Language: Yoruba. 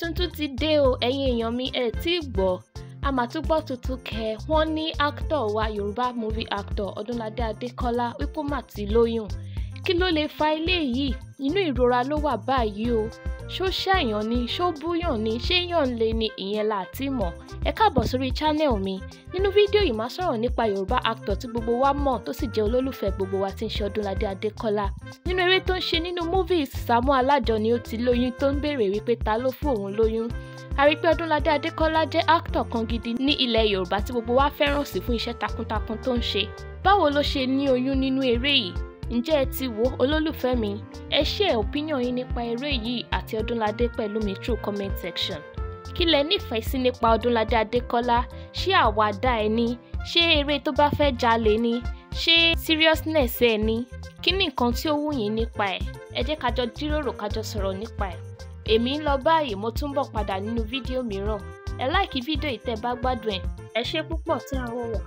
tuntun ti dé o ẹ̀yin èèyàn mi ẹ̀ tí ì gbọ́ àmàtúgbọ́ tuntun kẹ wọ́n ní actor wa yorùbá movie actor ọdúnládé adékọ́lá wípé mà ti lóyún kí ló lè fa eléyìí inú ìrora ló wà báyìí o ṣó ṣẹ̀yàn ni ṣó búyàn ni ṣé yàn lè ni ìyẹn la ti mọ̀ ẹ káàbọ̀ sórí channel mi nínú fídíò yìí máa sọ̀rọ̀ nípa Yorùbá actor tí gbogbo wa mọ̀ tó sì jẹ́ olólùfẹ́ gbogbo wa tí ń ṣe Ọdúnládé Adékọ́lá nínú eré tó ń ṣe nínú movies samu Alájọ ni ó ti lóyún tó ń béèrè wípé ta ló fún òun lóyún a rí pé Ọdúnládé Adékọ́lá jẹ́ actor kan gidi ní ilẹ̀ Yorùbá tí gbogbo wa fẹ́ràn sí fún iṣẹ́ takuntakun tó ń ṣe báwo ló ṣe ní oyún nínú eré yìí ǹjẹ́ ẹ ti wo olólùfẹ́ mi ẹ ṣe opinion yín nípa eré yìí àti Ọdúnládé Pẹ̀lúmi through comment section kí lẹ nífẹ̀ẹ́ sí nípa Ọdúnládé Adékọ́lá ṣé àwàdà ẹ ní ṣé eré tó bá fẹ́ jalè ni ṣé seriousness ẹ ní kí ni nǹkan tí ó wù yín nípa ẹ̀ ẹ jẹ́ kájọ jíròrò kájọ sọ̀rọ̀ nípa ẹ̀ èmi ń lọ báyìí mo tún bọ̀ padà nínú fídíò mìíràn ẹ láìkí fídíò yìí bá gbádùn ẹ̀ ẹ ṣé púpọ̀ tí a wò wá.